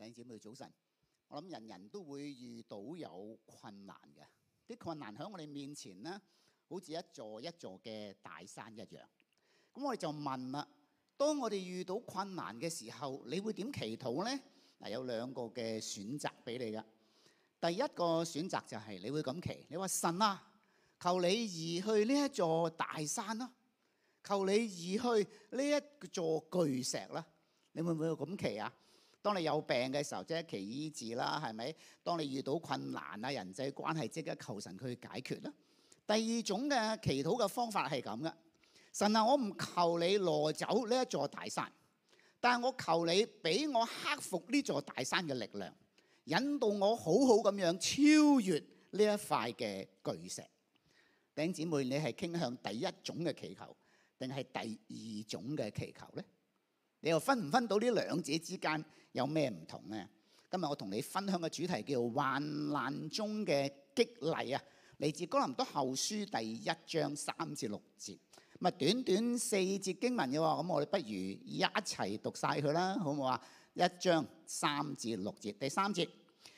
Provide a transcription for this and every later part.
弟兄姊妹早晨，我諗人人都會遇到有困難嘅，啲困難喺我哋面前咧，好似一座一座嘅大山一樣。咁我哋就問啦：當我哋遇到困難嘅時候，你會點祈禱咧？嗱，有兩個嘅選擇俾你噶。第一個選擇就係你會咁祈，你話神啊，求你移去呢一座大山啦，啊，求你移去呢一座巨石啦，啊，你會唔會咁祈啊？當你有病嘅時候，即係祈醫治啦，係咪？當你遇到困難啊、人際關係，即刻求神去解決啦。第二種嘅祈禱嘅方法係咁嘅：神啊，我唔求你挪走呢一座大山，但係我求你俾我克服呢座大山嘅力量，引導我好好咁樣超越呢一塊嘅巨石。頂姊妹，你係傾向第一種嘅祈禱，定係第二種嘅祈禱咧？你又分唔分到呢兩者之間有咩唔同呢？今日我同你分享嘅主題叫做患難中嘅激勵啊，嚟自哥林多後書第一章三至六節，咪短短四節經文嘅喎，咁我哋不如一齊讀晒佢啦，好唔好啊？一章三至六節，第三節，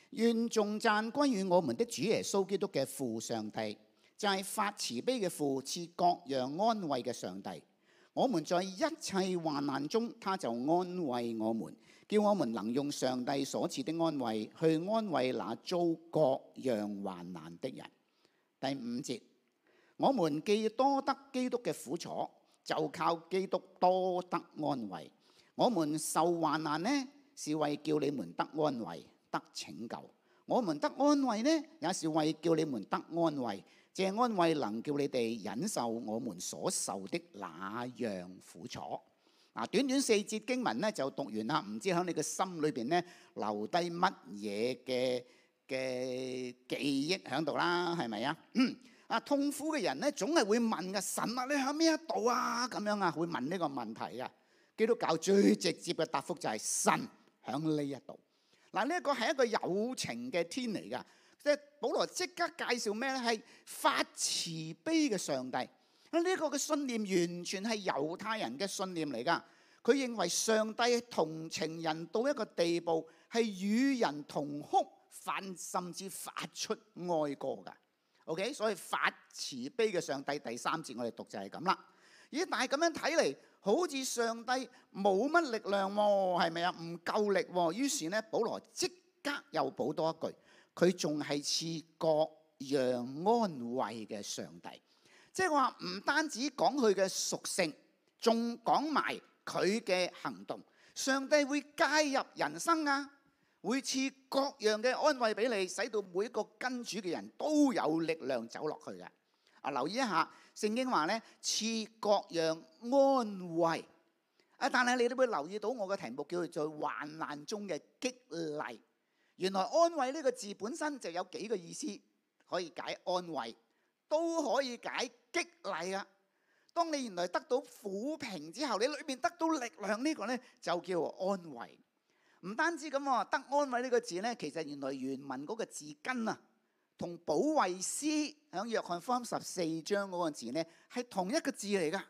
願頌讚歸於我們的主耶穌基督嘅父上帝，就係發慈悲嘅父，賜各樣安慰嘅上帝。我們在一切患難中，他就安慰我們，叫我們能用上帝所賜的安慰去安慰那遭各樣患難的人。第五節，我們既多得基督嘅苦楚，就靠基督多得安慰。我們受患難呢，是為叫你們得安慰、得拯救；我們得安慰呢，也是為叫你們得安慰。這安慰能叫你哋忍受我們所受的那樣苦楚。嗱，短短四節經文咧，就讀完啦。唔知喺你嘅心裏邊咧，留低乜嘢嘅嘅記憶喺度啦？係咪啊？嗯。啊，痛苦嘅人咧總係會問嘅，神啊，你喺咩度啊？咁樣啊，會問呢個問題啊。基督教最直接嘅答覆就係神喺呢一度。嗱，呢一個係一個有情嘅天嚟噶。保羅即刻介紹咩咧？係發慈悲嘅上帝。呢、這、一個嘅信念完全係猶太人嘅信念嚟噶。佢認為上帝同情人到一個地步，係與人同哭，發甚至發出哀歌噶。OK，所以發慈悲嘅上帝，第三節我哋讀就係咁啦。咦？但係咁樣睇嚟，好似上帝冇乜力量喎，哦，係咪啊？唔夠力，哦。於是呢，保羅即刻又補多一句。佢仲係賜各樣安慰嘅上帝，即係話唔單止講佢嘅屬性，仲講埋佢嘅行動。上帝會介入人生啊，會賜各樣嘅安慰俾你，使到每一個跟主嘅人都有力量走落去嘅。啊，留意一下聖經話咧，賜各樣安慰。啊，但係你都會留意到我嘅題目叫做在患難中嘅激勵。原來安慰呢個字本身就有幾個意思，可以解安慰，都可以解激勵啊！當你原來得到撫平之後，你裏面得到力量呢個呢，就叫安慰。唔單止咁喎，得安慰呢個字呢，其實原來原文嗰個字根啊，同保惠師喺約翰福音十四章嗰個字呢，係同一個字嚟噶。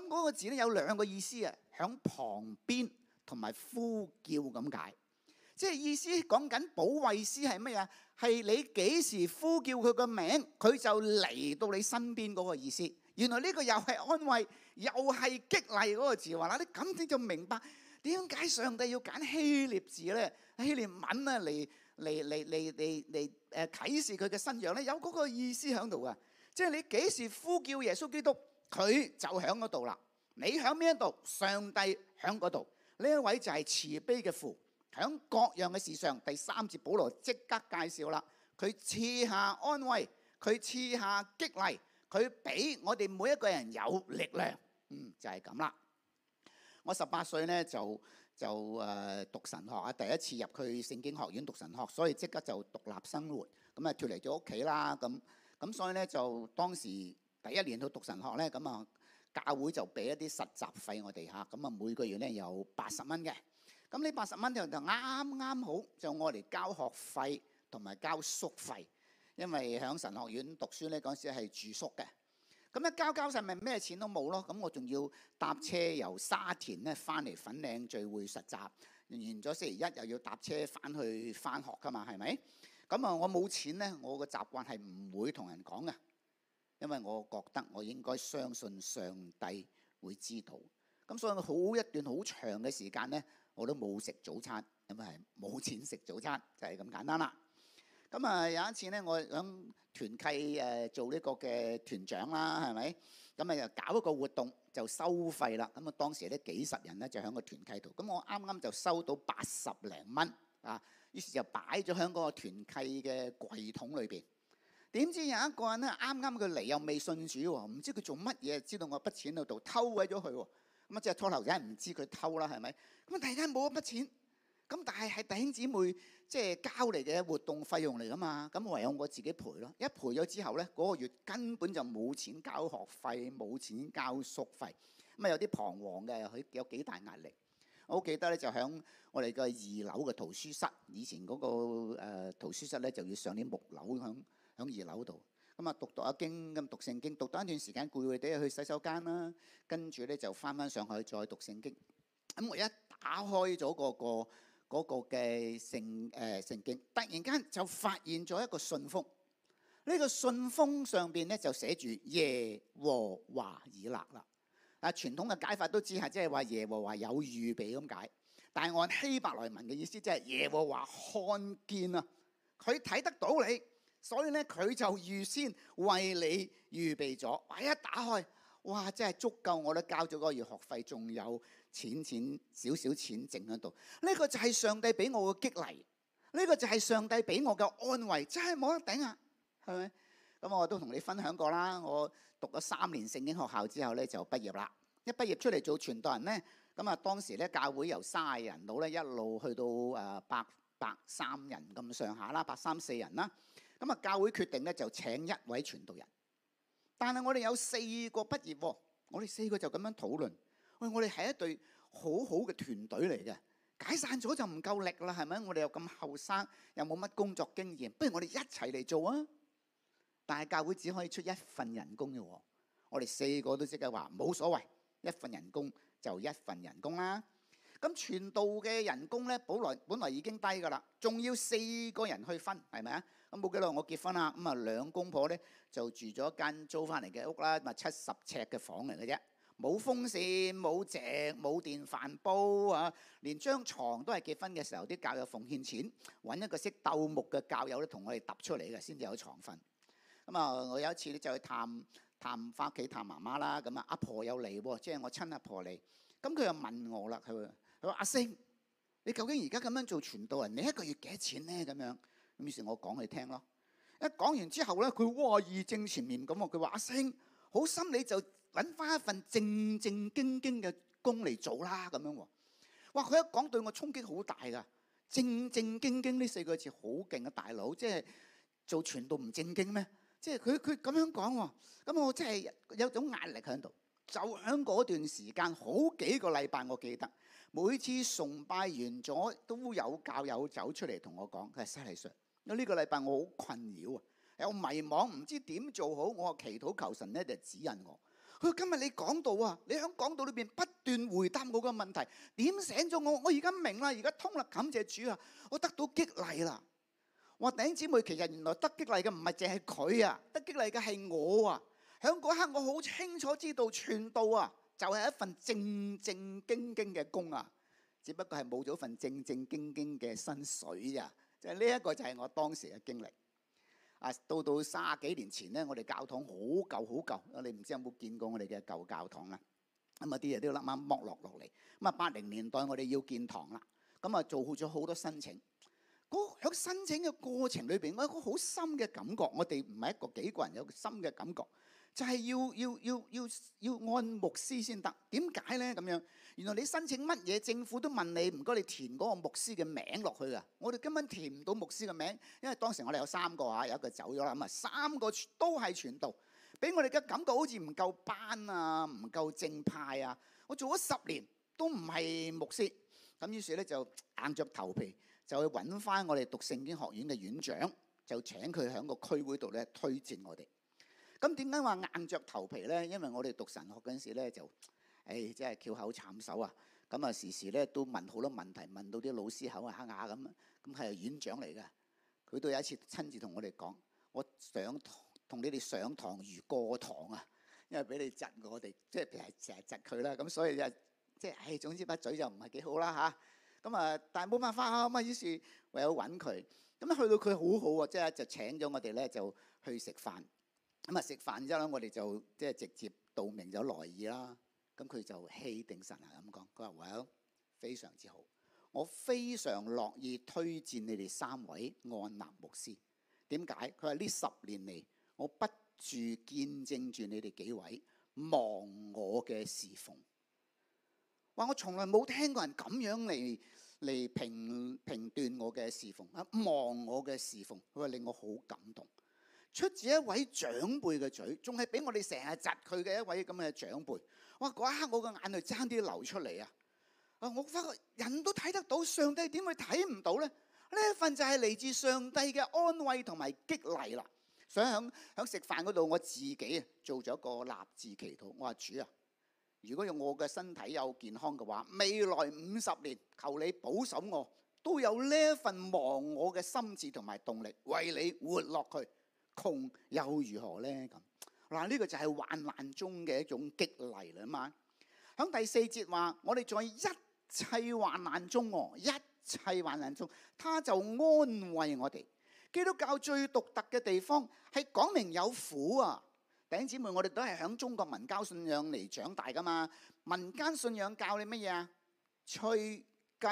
咁嗰個字呢，有兩個意思啊，喺旁邊同埋呼叫咁解。即係意思講緊保衛師係咩嘢？係你幾時呼叫佢個名，佢就嚟到你身邊嗰個意思。原來呢個又係安慰，又係激勵嗰個字話，嗱，你咁你就明白點解上帝要揀希臘字咧？希臘文啊嚟嚟嚟嚟嚟嚟誒啟示佢嘅身樣咧，有嗰個意思喺度啊！即係你幾時呼叫耶穌基督，佢就喺嗰度啦。你喺邊一度，上帝喺嗰度。呢一位就係慈悲嘅父。喺各樣嘅事上，第三節保羅即刻介紹啦。佢賜下安慰，佢賜下激勵，佢俾我哋每一個人有力量。嗯，就係咁啦。我十八歲咧就就誒、呃、讀神學啊，第一次入去聖經學院讀神學，所以即刻就獨立生活，咁啊脱離咗屋企啦。咁咁所以咧就當時第一年去讀神學咧，咁啊教會就俾一啲實習費我哋嚇，咁啊每個月咧有八十蚊嘅。咁呢八十蚊就剛剛就啱啱好就我嚟交學費同埋交宿費，因為喺神學院讀書呢，嗰時係住宿嘅。咁一交一交曬咪咩錢都冇咯。咁我仲要搭車由沙田咧翻嚟粉嶺聚會實習完咗星期一又要搭車翻去翻學㗎嘛，係咪？咁啊，我冇錢呢，我個習慣係唔會同人講嘅，因為我覺得我應該相信上帝會知道。咁所以好一段好長嘅時間呢。我都冇食早餐，咁咪冇錢食早餐，就係咁簡單啦。咁啊有一次咧，我響團契誒做呢個嘅團長啦，係咪？咁啊又搞一個活動就收費啦。咁啊當時咧幾十人咧就喺個團契度。咁我啱啱就收到八十零蚊啊，於是就擺咗喺個團契嘅櫃桶裏邊。點知有一個人咧，啱啱佢嚟又未信主喎，唔知佢做乜嘢，知道我筆錢喺度偷鬼咗佢喎。咁啊，即係拖頭梗係唔知佢偷啦，係咪？咁突然間冇一筆錢，咁但係係弟兄姊妹即係交嚟嘅活動費用嚟噶嘛？咁唯有我自己賠咯。一賠咗之後咧，嗰、那個月根本就冇錢交學費，冇錢交宿費，咁啊有啲彷徨嘅，有幾大壓力。我好記得咧就響我哋嘅二樓嘅圖書室，以前嗰個誒圖書室咧就要上啲木樓響響二樓度。咁啊，讀讀一經，咁讀聖經，讀到一段時間攰攰哋去洗手間啦，跟住咧就返返上去再讀聖經。咁我一打開咗、嗰個、嗰個嗰個嘅聖誒聖經，突然間就發現咗一個信封。呢、呢個信封上邊咧就寫住耶和華以勒啦。啊，傳統嘅解法都知係即係話耶和華有預備咁解，但係按希伯來文嘅意思，即係耶和華看見啊，佢睇得到你。所以咧，佢就預先為你預備咗。哇！一打開，哇，真係足夠！我都交咗嗰月學費，仲有錢錢少少錢剩喺度。呢個就係上帝俾我嘅激勵，呢個就係上帝俾我嘅安慰，真係冇得頂啊！係咪？咁我都同你分享過啦。我讀咗三年聖經學校之後咧，就畢業啦。一畢業出嚟做傳道人咧，咁啊當時咧教會由卅人到咧一路去到誒百百三人咁上下啦，百三四人啦。咁啊！教會決定咧就請一位傳道人，但係我哋有四個畢業喎，我哋四個就咁樣討論。喂，我哋係一隊好好嘅團隊嚟嘅，解散咗就唔夠力啦，係咪？我哋又咁後生，又冇乜工作經驗，不如我哋一齊嚟做啊！但係教會只可以出一份人工嘅喎，我哋四個都即刻話冇所謂，一份人工就一份人工啦。咁全道嘅人工咧，本來本來已經低㗎啦，仲要四個人去分，係咪啊？咁冇幾耐我結婚啦，咁啊兩公婆咧就住咗間租翻嚟嘅屋啦，咪七十尺嘅房嚟嘅啫，冇風扇、冇淨、冇電飯煲啊，連張床都係結婚嘅時候啲教友奉獻錢揾一個識鬥木嘅教友咧，同我哋揼出嚟嘅先至有床瞓。咁、嗯、啊，我有一次咧就去探探返屋企探媽媽啦，咁啊阿婆又嚟喎，即係我親阿婆嚟。咁佢又問我啦，佢。佢話：阿星，你究竟而家咁樣做傳道啊？你一個月幾多錢咧？咁樣咁，於是，我講你聽咯。一講完之後咧，佢窩意正前面咁喎。佢話：阿星，好心，你就揾翻一份正正經經嘅工嚟做啦。咁樣喎，哇！佢一講對我衝擊好大㗎。正正經經呢四個字好勁啊！大佬，即係做傳道唔正經咩？即係佢佢咁樣講喎。咁我真係有種壓力喺度。就喺嗰段時間，好幾個禮拜，我記得。每次崇拜完咗都有教友走出嚟同我講，係小 sir，因為呢個禮拜我好困擾啊，有迷惘，唔知點做好，我祈禱求神咧就指引我。佢話今日你講道啊，你響講道裏邊不斷回答我個問題，點醒咗我，我而家明啦，而家通啦，感謝主啊，我得到激勵啦。我弟兄姊妹其實原來得激勵嘅唔係淨係佢啊，得激勵嘅係我啊。響嗰刻我好清楚知道全道啊。就係一份正正經經嘅工啊，只不過係冇咗份正正經經嘅薪水啊，就係呢一個就係我當時嘅經歷。啊，到到三十幾年前咧，我哋教堂好舊好舊、舊，你唔知有冇見過我哋嘅舊教堂啊？咁啊啲嘢都要甩掹剝落落嚟。咁啊八零年代我哋要建堂啦，咁啊做好咗好多申請。喺個申請嘅過程裏邊，我有一個好深嘅感覺，我哋唔係一個幾個人有個深嘅感覺。就係要要要要要按牧師先得，點解呢？咁樣？原來你申請乜嘢政府都問你，唔該你填嗰個牧師嘅名落去啊！我哋根本填唔到牧師嘅名，因為當時我哋有三個啊，有一個走咗啦，咁啊三個都係傳道，俾我哋嘅感覺好似唔夠班啊，唔夠正派啊！我做咗十年都唔係牧師，咁於是咧就硬着頭皮就去揾翻我哋讀聖經學院嘅院長，就請佢喺個區會度咧推薦我哋。咁點解話硬着頭皮咧？因為我哋讀神學嗰陣時咧，就誒即係翹口鏟手啊！咁啊，時時咧都問好多問題，問到啲老師口啊黑啞咁。咁係院長嚟嘅，佢都有一次親自同我哋講：我上堂，同你哋上堂如過堂啊！因為俾你窒我哋，即係成日窒佢啦。咁所以就即係誒，總之把嘴就唔係幾好啦吓，咁啊，但係冇辦法啊，咁啊於是唯有揾佢。咁去到佢好好啊，即係就請咗我哋咧就去食飯。咁啊食飯之後，我哋就即係直接道明咗來意啦。咁佢就氣定神閒咁講，佢話：Well，非常之好，我非常樂意推薦你哋三位安納牧師。點解？佢話呢十年嚟，我不住見證住你哋幾位望我嘅侍奉。話我從來冇聽過人咁樣嚟嚟評評斷我嘅侍奉啊！望我嘅侍奉，佢話令我好感動。出自一位長輩嘅嘴，仲係俾我哋成日窒佢嘅一位咁嘅長輩。哇！嗰一刻我嘅眼淚爭啲流出嚟啊！啊！我發覺人都睇得到，上帝點會睇唔到呢？呢一份就係嚟自上帝嘅安慰同埋激勵啦。想喺喺食飯嗰度，我自己做咗一個立志祈禱。我話主啊，如果用我嘅身體有健康嘅話，未來五十年，求你保守我都有呢一份忘我嘅心志同埋動力，為你活落去。窮又如何呢？咁嗱，呢個就係患難中嘅一種激勵啦嘛。響第四節話，我哋在一切患難中，哦，一切患難中，他就安慰我哋。基督教最獨特嘅地方係講明有苦啊！弟兄姊妹，我哋都係響中國民間信仰嚟長大㗎嘛。民間信仰教你乜嘢啊？趨吉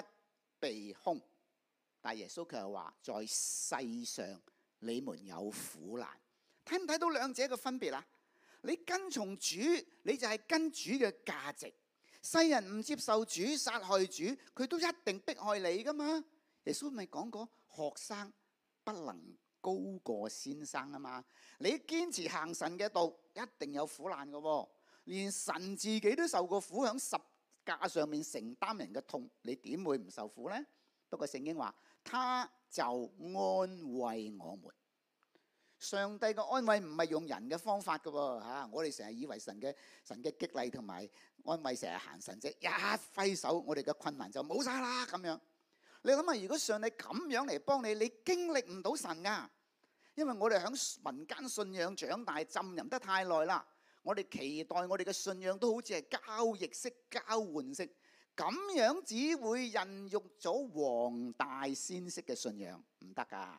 避凶，但係耶穌佢係話在世上。你們有苦難，睇唔睇到兩者嘅分別啊？你跟從主，你就係跟主嘅價值。世人唔接受主，殺害主，佢都一定迫害你噶嘛？耶穌咪講過，學生不能高過先生啊嘛？你堅持行神嘅道，一定有苦難嘅啊。連神自己都受過苦，喺十架上面承擔人嘅痛，你點會唔受苦呢？不過聖經話，他。就安慰我們。上帝嘅安慰唔係用人嘅方法噶喎，吓，我哋成日以為神嘅神嘅激勵同埋安慰，成日行神蹟，一揮手我哋嘅困難就冇晒啦咁樣。你諗下，如果上帝咁樣嚟幫你，你經歷唔到神噶，因為我哋響民間信仰長大浸淫得太耐啦，我哋期待我哋嘅信仰都好似係交易式、交換式。咁樣只會孕育咗黃大仙式嘅信仰，唔得噶。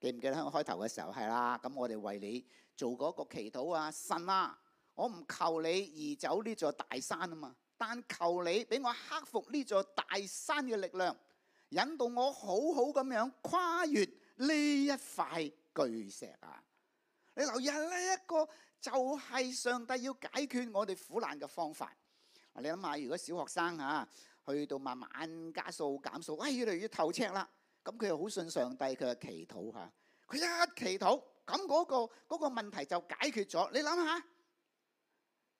記唔記得我開頭嘅時候係啦？咁我哋為你做嗰個祈禱啊，神啊，我唔求你移走呢座大山啊嘛，但求你俾我克服呢座大山嘅力量，引導我好好咁樣跨越呢一塊巨石啊！你留意下呢一個，就係上帝要解決我哋苦難嘅方法。你諗下，如果小學生嚇去到慢慢加數減數，喂，越嚟越透赤啦。咁佢又好信上帝，佢又祈禱嚇，佢一祈禱，咁嗰個嗰個問題就解決咗。你諗下，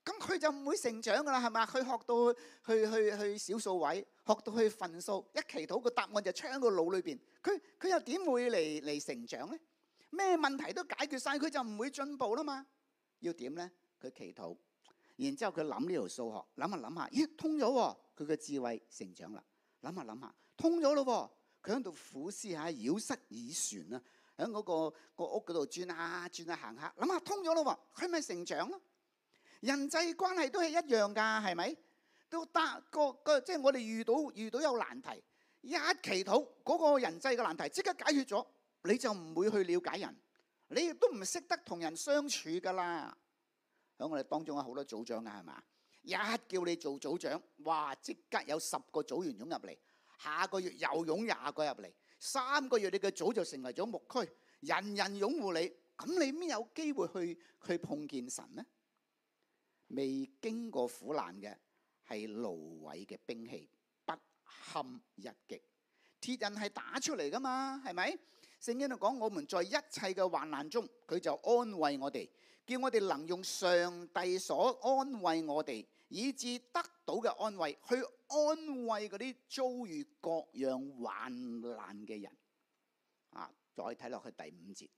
咁佢就唔會成長噶啦，係咪啊？佢學到去去去去小數位，學到去分數，一祈禱個答案就出喺個腦裏邊，佢佢又點會嚟嚟成長咧？咩問題都解決曬，佢就唔會進步啦嘛。要點咧？佢祈禱。然之後佢諗呢條數學，諗下諗下，咦，通咗喎、哦！佢嘅智慧成長啦，諗下諗下，通咗咯喎！佢喺度苦思下，繞室而旋啊，喺嗰個屋嗰度轉下轉下行下，諗下，通咗咯喎！佢咪成長咯？人際關係都係一樣噶，係咪？都得個個即係我哋遇到遇到有難題，一祈禱嗰、那個人際嘅難題即刻解決咗，你就唔會去了解人，你亦都唔識得同人相處噶啦。喺我哋當中有好多組長噶係嘛，一叫你做組長，哇！即刻有十個組員湧入嚟，下個月又湧廿個入嚟，三個月你嘅組就成為咗牧區，人人擁護你，咁你邊有機會去去碰見神呢？未經過苦難嘅係蘆葦嘅兵器，不堪一擊。鐵人係打出嚟噶嘛，係咪？聖經度講，我們在一切嘅患難中，佢就安慰我哋。叫我哋能用上帝所安慰我哋，以致得到嘅安慰，去安慰嗰啲遭遇各樣患難嘅人。再睇落去第五節，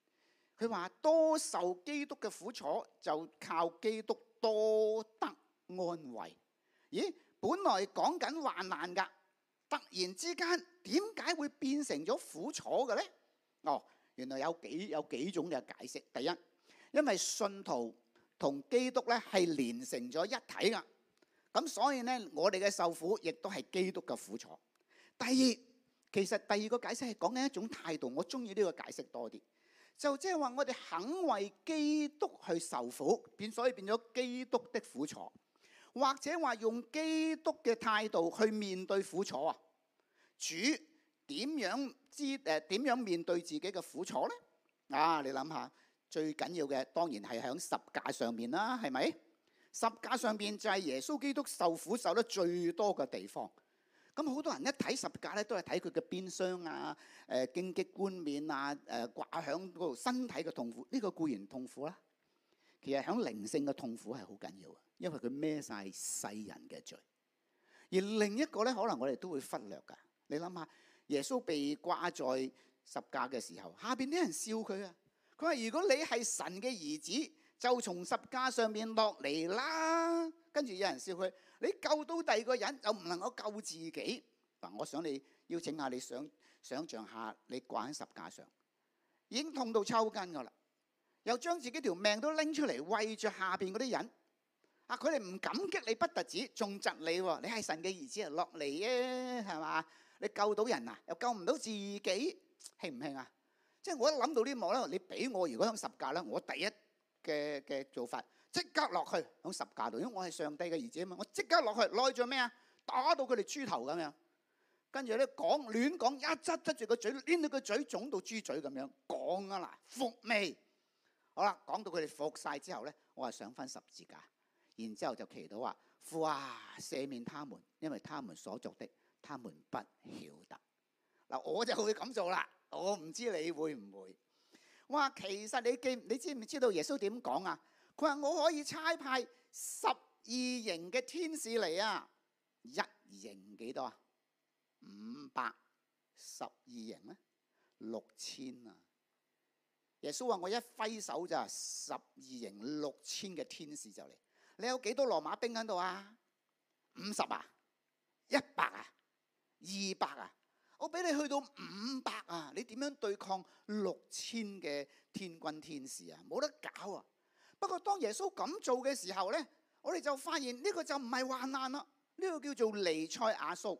佢話多受基督嘅苦楚，就靠基督多得安慰。咦，本來講緊患難噶，突然之間點解會變成咗苦楚嘅咧？哦，原來有幾有幾種嘅解釋，第一。因為信徒同基督咧，係連成咗一體噶，咁所以咧，我哋嘅受苦亦都係基督嘅苦楚。第二，其實第二個解釋係講緊一種態度，我中意呢個解釋多啲，就即係話我哋肯為基督去受苦，變，所以變咗基督的苦楚，或者話用基督嘅態度去面對苦楚啊。主點樣知誒點樣面對自己嘅苦楚咧？啊，你諗下。最緊要嘅當然係喺十架上面啦，係咪？十架上邊就係耶穌基督受苦受得最多嘅地方。咁、嗯、好多人一睇十架咧，都係睇佢嘅鞭傷啊、誒、呃、荊棘冠冕啊、誒掛喺嗰度身體嘅痛苦，呢、這個固然痛苦啦。其實喺靈性嘅痛苦係好緊要啊，因為佢孭晒世人嘅罪。而另一個咧，可能我哋都會忽略噶。你諗下，耶穌被掛在十架嘅時候，下邊啲人笑佢啊。佢話：如果你係神嘅兒子，就從十架上面落嚟啦。跟住有人笑佢：你救到第二個人，又唔能夠救自己。嗱，我想你邀請下，你想想像下，你掛喺十架上，已經痛到抽筋㗎啦，又將自己條命都拎出嚟餵住下邊嗰啲人。啊，佢哋唔感激你不特止，仲窒你。你係神嘅兒子啊，落嚟啫，係嘛？你救到人啊，又救唔到自己，興唔興啊？即係我一諗到呢幕咧，你俾我如果響十架咧，我第一嘅嘅做法，即刻落去響十架度，因為我係上帝嘅兒子啊嘛，我即刻落去，落去做咩啊？打到佢哋豬頭咁樣，跟住咧講亂講，一執執住個嘴，攆到個嘴腫到豬嘴咁樣講啊嗱，服未？好啦，講到佢哋服晒之後咧，我係想返十字架，然之後就祈禱話：哇，赦免他們，因為他們所作的，他們不曉得。嗱，我就會咁做啦。我唔知你會唔會，我話，其實你記，你知唔知道耶穌點講啊？佢話我可以差派十二營嘅天使嚟啊！一營幾多啊？五百，十二營啊，六千啊！耶穌話我一揮手就十二營六千嘅天使就嚟。你有幾多羅馬兵喺度啊？五十啊？一百啊？二百啊？我俾你去到五百啊，你點樣對抗六千嘅天軍天使啊？冇得搞啊！不過當耶穌咁做嘅時候呢，我哋就發現呢個就唔係患難啦，呢個叫做彌賽亞騷，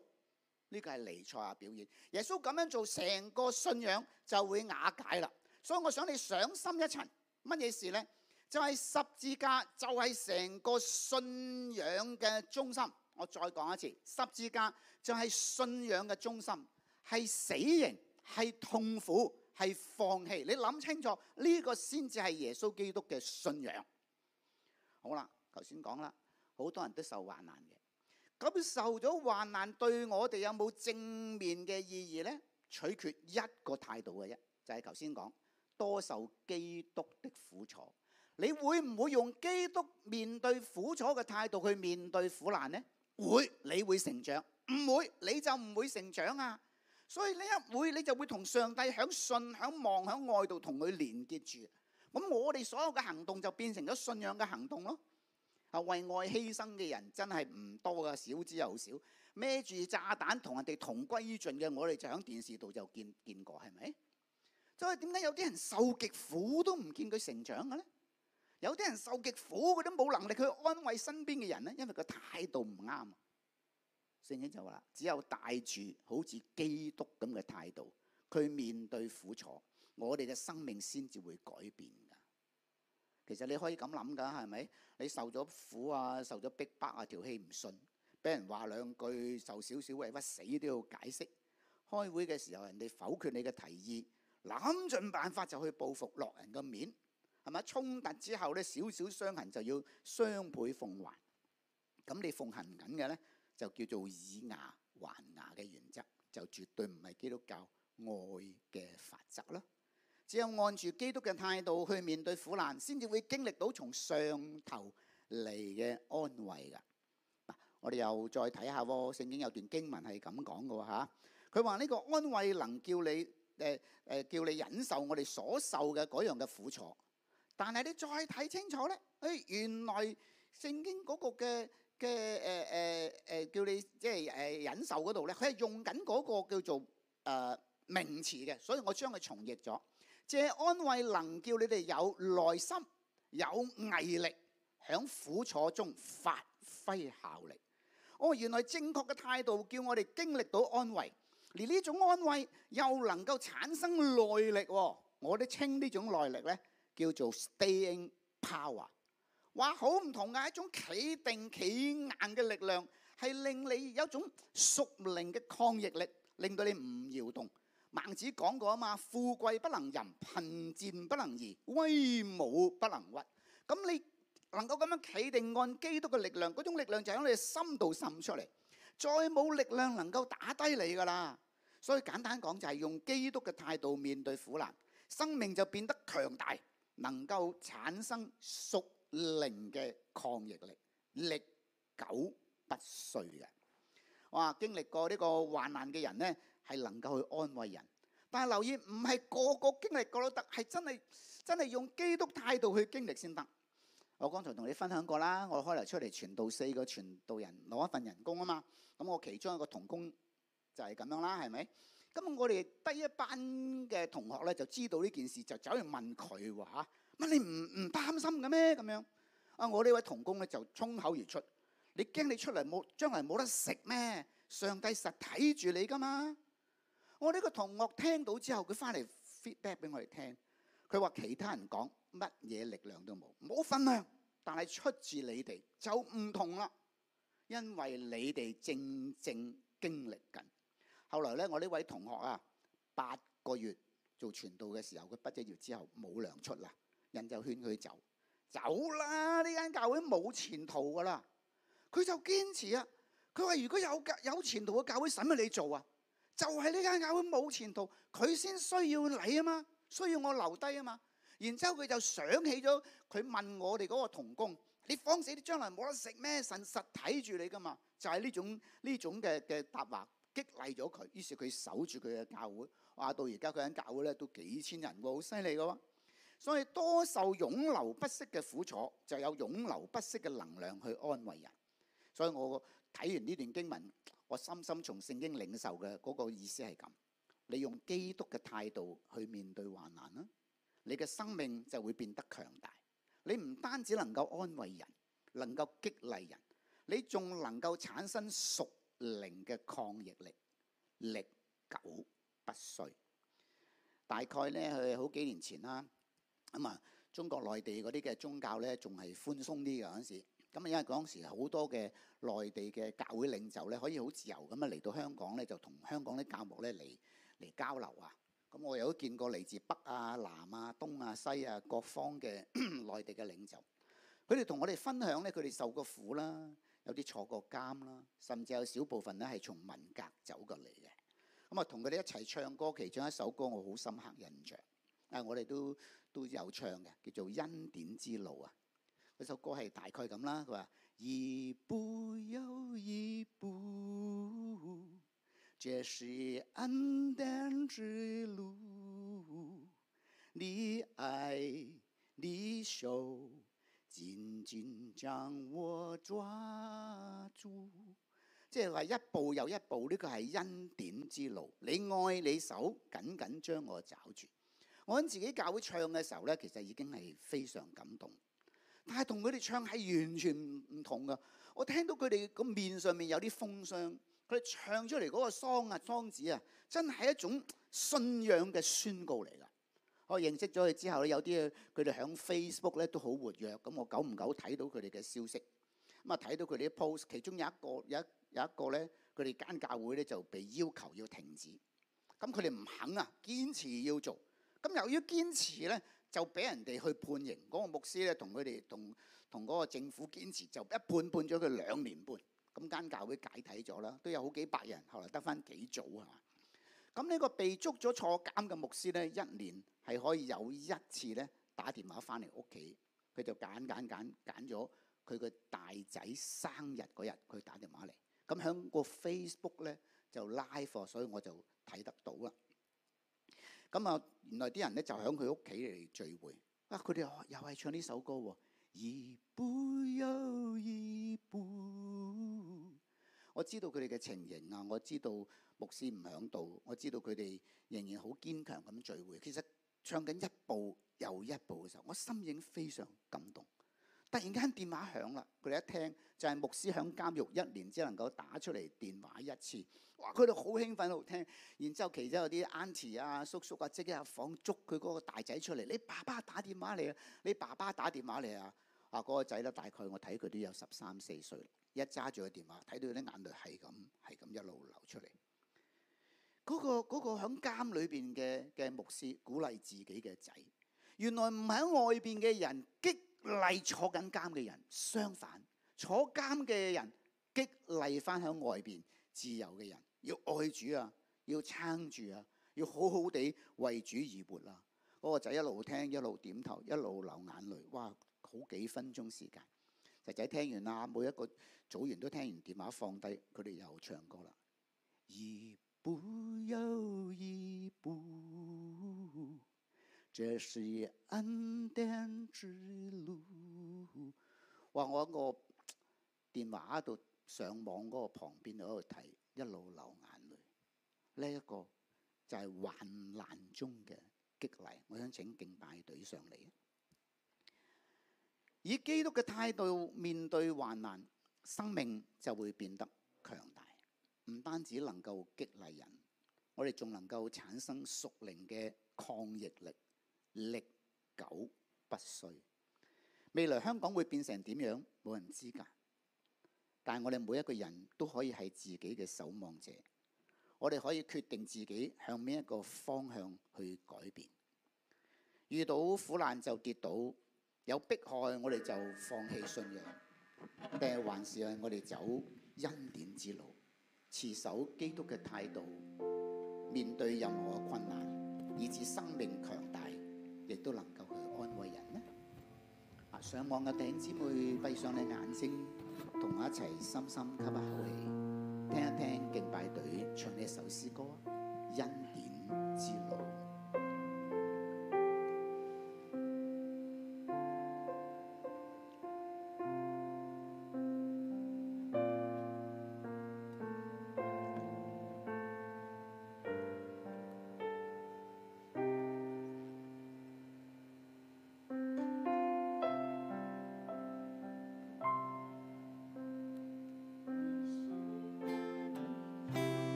呢個係彌賽亞表演。耶穌咁樣做，成個信仰就會瓦解啦。所以我想你想深一層，乜嘢事呢？就係十字架，就係成個信仰嘅中心。我再講一次，十字架就係信仰嘅中心。係死刑，係痛苦，係放棄。你諗清楚呢個先至係耶穌基督嘅信仰。好啦，頭先講啦，好多人都受患難嘅。咁受咗患難，對我哋有冇正面嘅意義呢？取決一個態度嘅啫，就係頭先講多受基督的苦楚。你會唔會用基督面對苦楚嘅態度去面對苦難呢？會，你會成長；唔會，你就唔會成長啊！所以呢，一會你就會同上帝響信、響望、響愛度同佢連結住，咁我哋所有嘅行動就變成咗信仰嘅行動咯。啊，為愛犧牲嘅人真係唔多噶，少之又少。孭住炸彈同人哋同歸於盡嘅，我哋就喺電視度就見見過，係咪？所以點解有啲人受極苦都唔見佢成長嘅咧？有啲人受極苦，佢都冇能力去安慰身邊嘅人咧，因為個態度唔啱。正經就話啦，只有帶住好似基督咁嘅態度，去面對苦楚，我哋嘅生命先至會改變㗎。其實你可以咁諗㗎，係咪？你受咗苦啊，受咗逼迫啊，條氣唔順，俾人話兩句，受少少委屈，死都要解釋。開會嘅時候，人哋否決你嘅提議，諗盡辦法就去報復落人個面，係咪？衝突之後呢，少少傷痕就要雙倍奉還。咁你奉行緊嘅呢？就叫做以牙還牙嘅原則，就絕對唔係基督教愛嘅法則囉。只有按住基督嘅態度去面對苦難，先至會經歷到從上頭嚟嘅安慰噶。嗱，我哋又再睇下聖經有段經文係咁講㗎吓。佢話呢個安慰能叫你誒誒叫你忍受我哋所受嘅嗰樣嘅苦楚，但係你再睇清楚呢，誒原來聖經嗰個嘅。嘅誒誒誒叫你即係誒、呃、忍受嗰度咧，佢係用緊嗰個叫做誒、呃、名詞嘅，所以我將佢重譯咗。借安慰能叫你哋有耐心、有毅力，喺苦楚中發揮效力。哦，原來正確嘅態度叫我哋經歷到安慰，而呢種安慰又能夠產生耐力，哦。我哋稱呢種耐力咧叫做 staying power。話好唔同嘅一種企定企硬嘅力量，係令你有一種屬靈嘅抗逆力，令到你唔搖動。孟子講過啊嘛，富貴不能淫，貧賤不能移，威武不能屈。咁你能夠咁樣企定按基督嘅力量，嗰種力量就喺你心度滲出嚟，再冇力量能夠打低你㗎啦。所以簡單講就係用基督嘅態度面對苦難，生命就變得強大，能夠產生屬零嘅抗逆力，歷久不衰嘅。哇，經歷過呢個患難嘅人咧，係能夠去安慰人。但係留意，唔係個個經歷過都得，係真係真係用基督態度去經歷先得。我剛才同你分享過啦，我開頭出嚟傳道四個傳道人攞一份人工啊嘛。咁我其中一個同工就係咁樣啦，係咪？咁我哋低一班嘅同學咧，就知道呢件事，就走去問佢喎。乜你唔唔擔心嘅咩？咁樣啊！我呢位同工咧就衝口而出：你驚你出嚟冇將來冇得食咩？上帝實睇住你噶嘛！我呢個同學聽到之後，佢翻嚟 feedback 俾我哋聽，佢話其他人講乜嘢力量都冇，冇分量，但係出自你哋就唔同啦，因為你哋正正經歷緊。後來咧，我呢位同學啊，八個月做傳道嘅時候，佢畢咗業之後冇糧出啦。人就勸佢走，走啦！呢間教會冇前途㗎喇，佢就堅持啊！佢話：如果有有前途嘅教會，使乜你做啊？就係呢間教會冇前途，佢先需要你啊嘛，需要我留低啊嘛。然之後佢就想起咗，佢問我哋嗰個同工：你慌死你將，你將來冇得食咩？神實睇住你㗎嘛，就係、是、呢種呢種嘅嘅答話激勵咗佢。於是佢守住佢嘅教會，話到而家佢間教會咧都幾千人喎，好犀利㗎喎！所以多受湧流不息嘅苦楚，就有湧流不息嘅能量去安慰人。所以我睇完呢段經文，我深深從聖經領受嘅嗰、那個意思係咁：你用基督嘅態度去面對患難啦，你嘅生命就會變得強大。你唔單止能夠安慰人，能夠激勵人，你仲能夠產生屬靈嘅抗逆力，歷久不衰。大概呢，佢好幾年前啦。咁啊，中國內地嗰啲嘅宗教咧，仲係寬鬆啲嘅嗰陣時。咁啊，因為嗰陣時好多嘅內地嘅教會領袖咧，可以好自由咁啊，嚟到香港咧就同香港啲教牧咧嚟嚟交流啊。咁我有見過嚟自北啊、南啊、東啊、西啊各方嘅 內地嘅領袖，佢哋同我哋分享咧，佢哋受過苦啦，有啲坐過監啦，甚至有少部分咧係從文革走過嚟嘅。咁啊，同佢哋一齊唱歌，其中一首歌我好深刻印象，但我哋都，都有唱嘅，叫做《恩典之路》啊！嗰首歌係大概咁啦，佢話：「一步又一步，這是恩典之路。你愛你手，緊緊將我抓住。」即係話一步又一步，呢個係恩典之路。你愛你手，緊緊將我抓住。我喺自己教會唱嘅時候呢，其實已經係非常感動。但係同佢哋唱係完全唔同噶。我聽到佢哋個面上面有啲風霜，佢哋唱出嚟嗰個桑啊、莊子啊，啊，真係一種信仰嘅宣告嚟噶。我認識咗佢之後呢，有啲佢哋喺 Facebook 呢都好活躍。咁我久唔久睇到佢哋嘅消息。咁啊睇到佢哋啲 post，其中有一個有一有一個呢，佢哋間教會呢就被要求要停止。咁佢哋唔肯啊，堅持要做。咁由於堅持咧，就俾人哋去判刑。嗰個牧師咧，同佢哋同同嗰個政府堅持，就一判判咗佢兩年半。咁間教會解體咗啦，都有好幾百人，後來得翻幾組啊。咁呢個被捉咗坐監嘅牧師咧，一年係可以有一次咧打電話翻嚟屋企。佢就揀揀揀揀咗佢個大仔生日嗰日，佢打電話嚟。咁響個 Facebook 咧就拉貨，所以我就睇得到啦。咁啊，原來啲人咧就喺佢屋企嚟聚會，啊，佢哋又又係唱呢首歌喎，一步又一步。我知道佢哋嘅情形啊，我知道牧師唔喺度，我知道佢哋仍然好堅強咁聚會。其實唱緊一步又一步嘅時候，我心已經非常感動。突然間電話響啦，佢哋一聽就係、是、牧師響監獄一年只能夠打出嚟電話一次。哇！佢哋好興奮喺度聽，然之後，其中有啲 Auntie 啊、叔叔啊，即刻入房捉佢嗰個大仔出嚟。你爸爸打電話嚟啊！你爸爸打電話嚟啊！啊，嗰個仔咧，大概我睇佢都有十三四歲，一揸住個電話，睇到啲眼淚係咁係咁一路流出嚟。嗰、那個嗰、那個響監裏邊嘅嘅牧師鼓勵自己嘅仔，原來唔喺外邊嘅人激。嚟坐緊監嘅人，相反坐監嘅人激勵翻喺外邊自由嘅人，要愛主啊，要撐住啊，要好好地為主而活啊。嗰、那個仔一路聽，一路點頭，一路流眼淚。哇，好幾分鐘時間，仔仔聽完啦，每一個組員都聽完，電話放低，佢哋又唱歌啦。一步又一步。這是恩典之路。哇！我個電話喺度上網嗰個旁邊嗰度睇，一路流眼淚。呢、這、一個就係患難中嘅激勵。我想請敬拜隊上嚟，以基督嘅態度面對患難，生命就會變得強大。唔單止能夠激勵人，我哋仲能夠產生屬靈嘅抗逆力。歷久不衰。未來香港會變成點樣，冇人知噶。但係我哋每一個人都可以係自己嘅守望者，我哋可以決定自己向邊一個方向去改變。遇到苦難就跌倒，有迫害我哋就放棄信仰，定係還是係我哋走恩典之路，持守基督嘅態度，面對任何困難，以至生命強大。亦都能夠去安慰人咧。啊，上網嘅弟兄姊妹，閉上你眼睛，同我一齊深深吸下氣，聽一聽敬拜隊唱呢一首詩歌《恩典之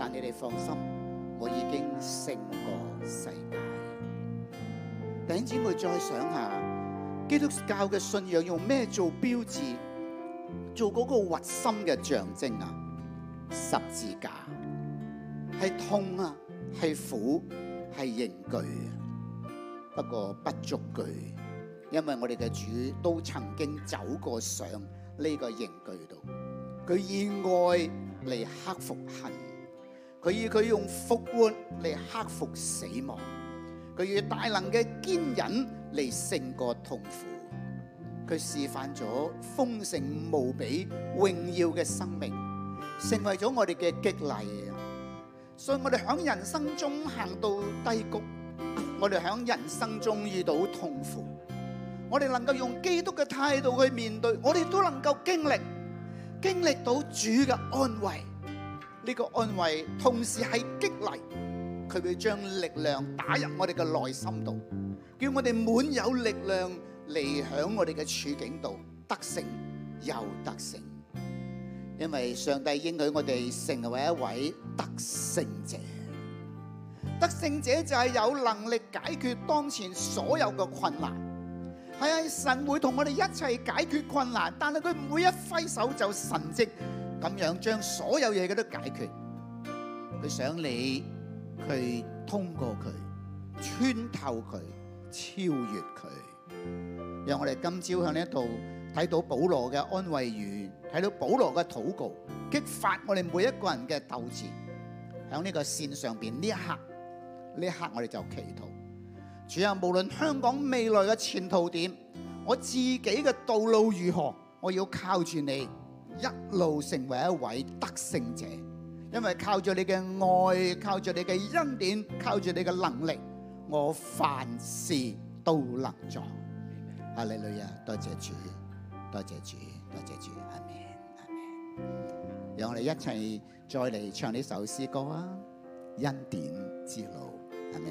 但你哋放心，我已經勝過世界。弟兄姊妹，再想下基督教嘅信仰用咩做標誌，做嗰個核心嘅象徵啊？十字架係痛啊，係苦，係刑具，不過不足懼，因為我哋嘅主都曾經走過上呢個刑具度，佢以愛嚟克服恨。佢以佢用復活嚟克服死亡，佢以大能嘅堅忍嚟勝過痛苦，佢示範咗豐盛無比榮耀嘅生命，成為咗我哋嘅激勵。所以我哋響人生中行到低谷，我哋響人生中遇到痛苦，我哋能夠用基督嘅態度去面對，我哋都能夠經歷，經歷到主嘅安慰。呢個安慰同時係激勵，佢會將力量打入我哋嘅內心度，叫我哋滿有力量嚟響我哋嘅處境度得勝又得勝。因為上帝應許我哋成為一位得勝者，得勝者就係有能力解決當前所有嘅困難。係啊，神會同我哋一齊解決困難，但係佢唔會一揮手就神蹟。咁樣將所有嘢嘅都解決，佢想你，佢通過佢，穿透佢，超越佢，讓我哋今朝向呢一度睇到保羅嘅安慰語，睇到保羅嘅禱告，激發我哋每一個人嘅鬥志。響呢個線上邊呢一刻，呢一刻我哋就祈禱，主啊，無論香港未來嘅前途點，我自己嘅道路如何，我要靠住你。一路成為一位得勝者，因為靠住你嘅愛，靠住你嘅恩典，靠住你嘅能力，我凡事都能做。哈利路亞啊，多謝主，多謝主，多謝主，阿門。讓我哋一齊再嚟唱呢首詩歌啊，《恩典之路》，阿門。